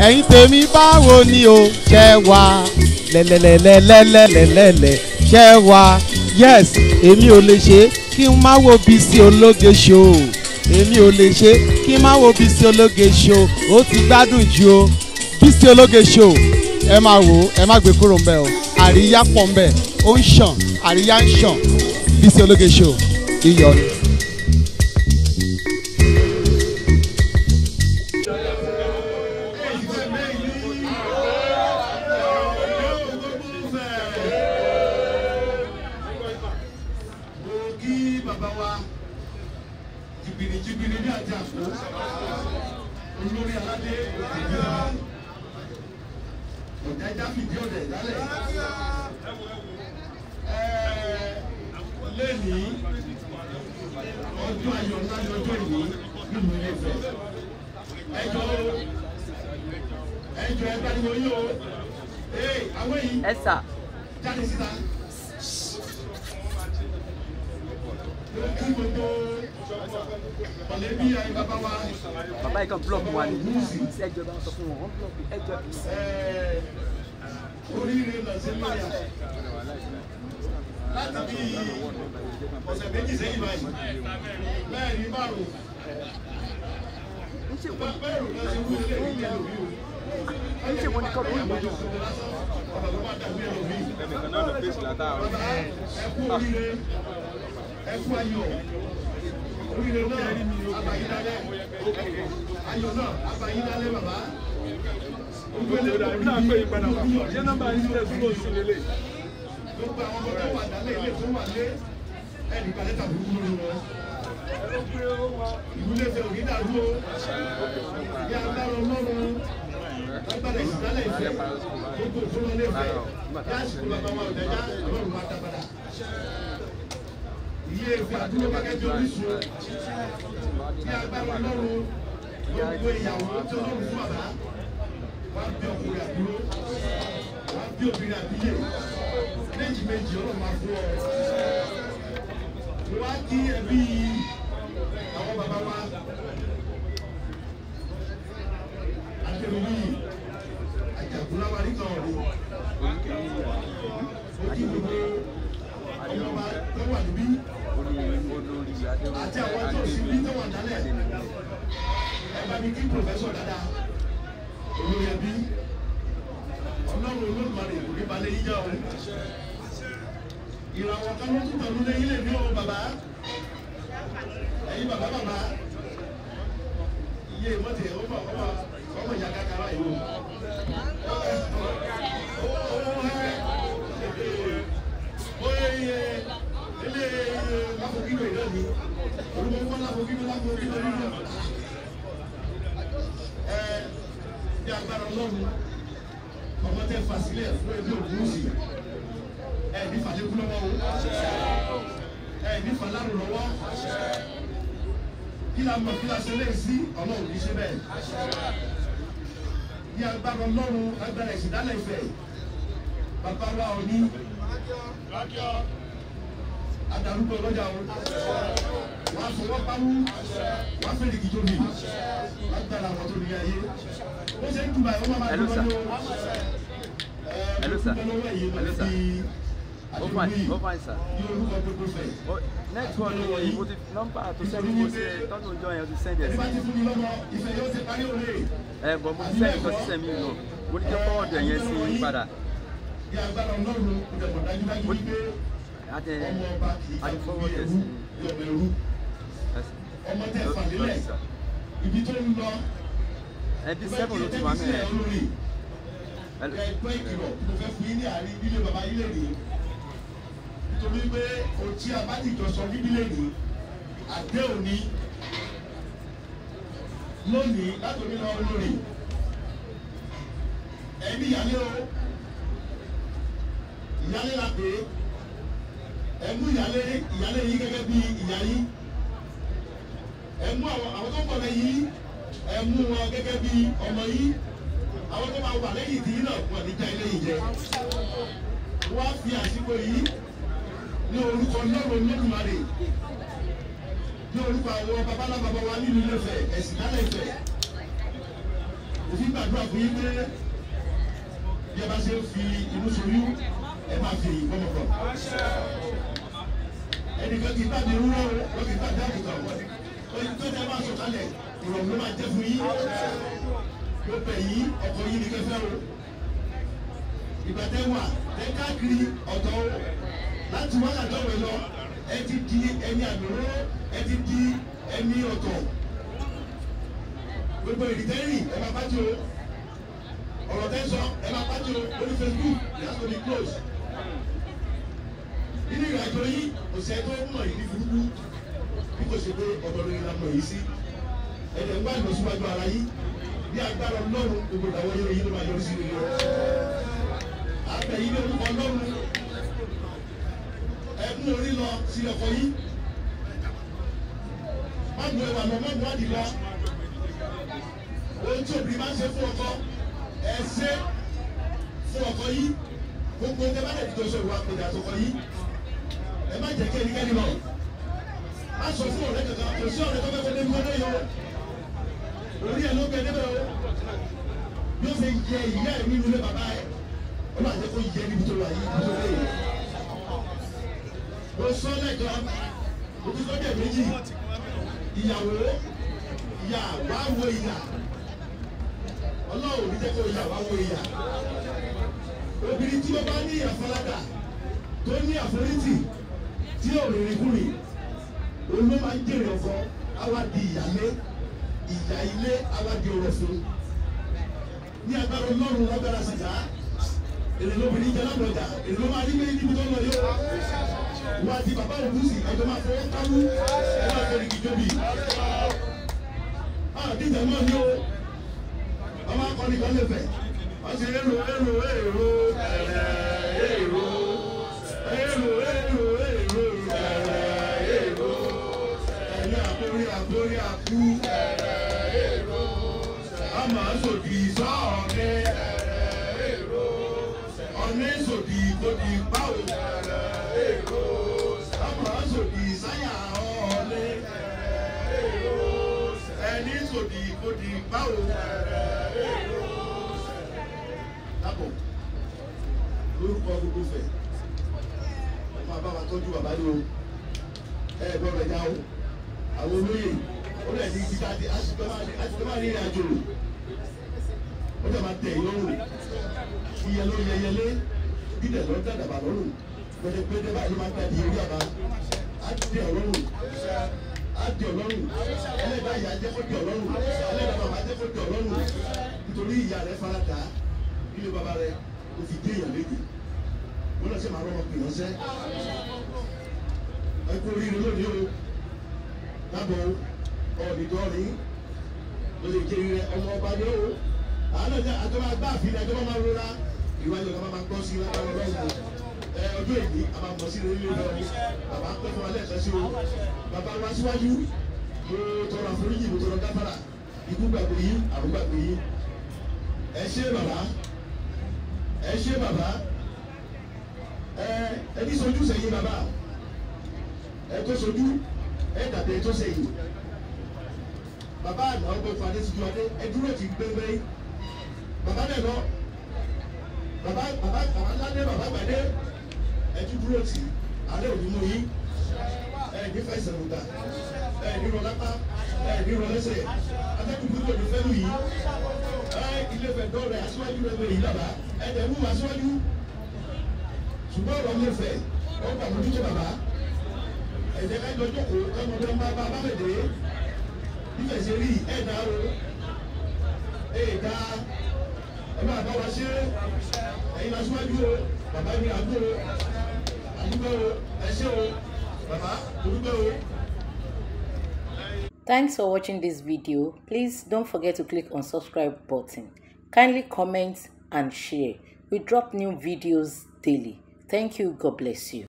ẹ̀yin tèmi báwo ni o ṣe wà lẹ́lẹ́lẹ́lẹ́lẹ́lẹ́lẹ́ ṣe wà yes èmi ò lè ṣe kí n má wo Bísí Ológe show èmi ò lè ṣe kí n má wo Bísí Ológe show ó ti gbádùn ju o Bísí Ológe show ẹ máa wò ó ẹ má gbé kúrò ńbẹ̀ o àríyá pọ̀ ńbẹ̀ ó ń ṣàn àríyá ń ṣàn Bísí Ológe show iyọ̀ ni. àjàkú olórí aládé ọ̀dẹ̀ jálẹ̀ lẹ́ni ọjọ́ ayọ̀ ńlá lọ́jọ́ ìní nínú ilé Ifẹ̀ ẹjọ́ ẹjọ́ ẹgbẹ́ ni mo yí o ee àwọn èyí jáde síta kí gbogbo bàbá yìí kan blọọkù wa ni sí ẹjọ bá sọ fún wọn wọn blọọkù ẹjọ. oríire nàìjíríà láti bí ọ̀sẹ̀ méjì sẹ́yìn báyìí bẹ́ẹ̀ ní báwo bẹ́ẹ̀ rò lọ́sẹ̀ wúlò lẹ́yìn ìjẹ́ òbí o ń ṣe wọn ní kọ́ bóyá bóyá. ẹnìkan náà lọ fèsì látàárọ̀. ẹ kú oríire ẹ kú ayọ̀ oríire náà abayídálẹ́ ayọ̀ náà abayídálẹ́ bàbá. Ògbélé náà pé ìpadà wà. Ṣé nọ́mbà yìí lè dúró sí lélẹ̀? Gbogbo àwọn ọmọ tó wà dálé ilé tó wà lé ẹnì kan lẹ́tà burúkú lórí wọn. fẹ́ òní dàrú Ìyá agbára ọlọ́run agbára ìsìnkálẹ̀ ìfẹ́ gbogbo òfurufú lè fẹ́. Yá àsìkò bàbá wa ọ̀dẹ́já ọlọ́run wa dábàdà ilé Ifẹ̀ àdúró gẹ́gẹ́ bí orísun tí agbára Ọlọ́run gbogbo ìyàwó tí Ọlọ́run fún bàbá wá bí ọkùnrin àdúró wá bí obìnrin àbíyè méjì méjì Ọlọ́run máa fún ọ. wá kí ẹbí yìí. mi kí pòfẹ́sọ̀ dáadáa olórí ẹbí ọlọ́run olódùmarè kò ní balẹ̀ yíyá o ìràwọ̀ kan ló tún pẹ̀lú lẹ́yìn lè ní o bàbá ẹ̀yin bàbá bàbá iye ìmọ̀tì ẹ̀ ọmọ ọmọ ọmọ ìyá kakara yìí o. Oye ele mafokido ìdọ́ni, olùkọ́ fún aláfokido aláfokido ìdọ́ni náà. pé agbára ọlọ́run ọmọ tẹ́ fà sílẹ̀ fún ẹbí òkúùsì ẹ̀ ní fàlékú lọ́wọ́ o ẹ̀ ní fàlárò lọ́wọ́ kí la mọ̀ kí la ṣe léè sí ọlọ́run kì í ṣe bẹ́ẹ̀ ní agbára ọlọ́run agbára ìṣẹ̀dálẹ̀ ìfẹ́ bàbá wa ò ní adarúgbó ọlọ́jà o wà á fọwọ́ pawú wà á fẹ́ lè kíjọ́bì wà á gbàdá àwọn tó ní ayé ó ṣe ń dùbà ìwọ́n máa dùn lọ́wọ́ ẹ̀ẹ́dẹ́gbẹ̀lọ́wọ́ yìí lọ sí àdúgbò yìí ní orúkọ gbogbo fẹ̀. next one wo ibo ti nọ́mbà tó sẹ́ni mo ṣe tọ́nu ìjọ yẹn ti sẹ́ni ẹ̀ sí. ìfẹ́ ti fún mi lọ́wọ́ ìfẹ́ yóò ti parí òde. ẹ bọ̀ mo ti sẹ́ni kan sí sẹ́mi lọ mo ní kí fọ́ọ̀dù ẹ̀yẹn sí padà. bí agbára ọlọ́run ìdẹ̀mọ̀ dájúdájú wípé àti àti fọwọ́ tẹ̀sí ọmọ tẹ̀ fàlílẹ̀ ibi tó ń lọ ẹbí sẹ́fọ̀n ló ti wà mẹ́rẹ̀ ẹgbẹ́ ìkìlọ̀ mo fẹ́ fún yín ní àárín ilé bàbá yín lèyí nítorí pé òtí abájìjọ sọ níbí lèyí àdé òní lónìí látòmí lọ olórí ẹni ìyálé o ìyálé la pè é ẹ mú ìyálé ìyálé yìí gẹ́gẹ́ bí ìyá yìí ẹ mú àwọn tó ń bọ̀ lẹ́yìn yìí ẹ mú wọn gẹ́gẹ́ bí ọmọ yìí àwọn tó máa wà lẹ́yìn tí yìí náà wọ̀ níjà ilé yìí jẹ wọ́n á fi àsìkò yìí ní orúkọ lọ́rọ̀ olódùmarè ní orúkọ àwọn babalábàbà wa nínú Ilé-Ifẹ̀ ẹ̀sìn lálẹ́ Ifẹ̀ òfin gbàdúrà fún yín pé bí bá ṣe ń fi inú soyún ẹ máa fi èyí kọ́mọ kọ́. ẹnìkan ti bá mi wúrọ́ wọ́n ti bá dáàbò kan wọ́n oyin tó tẹ máa sọ̀kalẹ̀ ìrọ̀lú máa jẹ́ fún yín ló bẹ̀ yín ọkọ̀ yín ni kẹfẹ́ o ìbàdàn wà ẹ káàkiri ọ̀tọ̀ o láti wákàtí ọ̀rọ̀ lọ ẹ ti di ẹni àmìró ẹ ti di ẹni ọ̀tọ̀ gbogbo ìrìtẹ́rì ẹ máa bá jò ọ̀rọ̀ tẹ́ ẹ máa bá jò lórí Facebook yàtọ̀ ní close nínú ìrìnàjò yìí kò sẹ́ tó mọ̀ yìí ní burúkú bí kò ṣe pé ọ̀dọ́ lórí la mọ̀ yìí sí ẹ̀dẹ̀ ń bá ìlọsíwájú ara yìí bí agbára ọlọ́run gbogbo ìdáwọ́ yẹn yìí ló máa yọrí sí rere ọ. àgbẹ̀ yìí ló ń kọ ọlọ́run ẹ̀kún orí lọ sí ọkọ̀ yìí má bu ẹwà lọ má bu adìyẹ lọ ohun tí òbí máa ń ṣe fún ọkọ ẹ ṣe fún ọkọ yìí gbogbo ẹgbẹ́ bá lè dìjọ́ sọ ìwà àpèjà àtọkọ yìí ẹ má jẹ́ kí ẹnikẹ́ni lọ. má sọ fún ọ̀rẹ́ kankan kò sí ọ̀rẹ́ tó fẹ́ kó débi wọlé o. orí ẹ̀ ló gbẹ débẹ̀ o. yóò fi yẹ ìyá ẹ̀ nínú ilé bàbá ẹ̀. ó bá jẹ́ kó yẹ níbi tó lọ yìí níbi tó lé o mo sọ lẹ́jọ́ ojú sọ́jà méjì ìyàwó ìyá wàá wo ìyá ọlọ́run ní jẹ́ kó ìyá wàá wo ìyá obìnrin tí ó bá ní àfaradà tó ní àforítì tí òrìrìkúrì olú máa ń jèrè ọkọ àwa di ìyálé ìyá ilé àwa di òròfin ní agbára ọlọ́run lágbára sìgá èrè lóbìnrin jẹ lábọ̀dà èrè ló máa rí méjì níbi tó ń lọ yóò wá di bàbá ògúnsì ẹjọ́ máa fọwọ́ kánú ẹ máa fẹ́ rìkì jóbi àdìjà náà ni ó ọmọ akọni kan lè fẹ́ wọ́n ti èrò èrò èrò èrò èrò èrò. lórí àkú. ẹ̀rẹ̀ èrò sẹ̀. a máa sòdì sọ́ọ̀ni. ẹ̀rẹ̀ èrò sẹ̀. ọ̀ní sòdì kò di báwo. ẹ̀rẹ̀ èrò sẹ̀. a máa sòdì sáyà ọ̀ọ́lé. ẹ̀rẹ̀ èrò sẹ̀. ẹni sòdì kò di báwo. ẹ̀rẹ̀ èrò sẹ̀. dábọ̀ lórúkọ gbogbo fẹ̀ ọmọ abáwa tọ́jú bàbá yìí o ẹ o àwọn olóyè ó lẹ̀ ní títà tí àtìkọ́ máa rìnrìn àjò ó dẹ̀ máa tẹ̀ lọ́rùn ìyẹlé yẹyẹlé dídẹ̀ lọ́ dàdàbà lọ́rùn gbẹdẹgbẹdẹ báyìí máa ń tàbí eré àbá á dẹ̀ lọ́rùn á dẹ̀ lọ́rùn ẹlẹ́dàá ìyá jẹ́ kó dẹ̀ lọ́rùn ẹlẹ́dàá bàbá jẹ́ kó dẹ̀ lọ́rùn nítorí ìyá rẹ̀ faradà ilé bàbá rẹ̀ ó fi dé èèyàn léde wọ́n sẹ́ ẹ kú oríire kábọ̀ ọ̀dìdọ́rin lórí ìkiri rẹ ọmọ ọba ni ó àánú ìjà àjọba gbá àfihàn àjọba máa rora ìwájú ọba máa gbọ́ sí ọlọ́run lọ́wọ́ ẹ ọdún èyí a máa mọ̀ sí ilé ilé lọ́wọ́ bàbá pẹ́ fún alẹ́ ẹ̀sán sí o bàbá wa síwájú mo tọrọ àforíjì mo tọrọ gáfárà ikú gbàgbé yín àrùn gbàgbé yín ẹ ṣé bàbá ẹ ṣé bàbá ẹ ẹbí sojú sẹ́yìn bàbá ẹ tó sojú ẹ̀ dàbí ẹ tó ṣe yìí bàbá àná ọgbẹ́ fàdé ti ju ọdẹ ẹ dúró ti gbẹgbẹ yìí bàbá náà lọ bàbá bàbá bàbá ládé bàbá gbàdé ẹ ti dúró tì alẹ́ òní mú yín ẹ ní fẹsẹ̀ rògbà ẹ ní rọ lápá ẹ ní rọ lẹ́sẹ̀ atẹ́kùnkùn tó ní fẹ́lú yìí ẹ ilé fẹ́ dọ́ rẹ̀ aṣíwájú rẹ̀ wẹ̀ yìí lọ́ba ẹ tẹ̀ wú aṣíwájú ṣùgbọ́n ọ̀rọ̀ mi fẹ́ ọgbà mójútó bàbá. Thanks for watching this video. Please don't forget to click on subscribe button. Kindly comment and share. We drop new videos daily. Thank you. God bless you.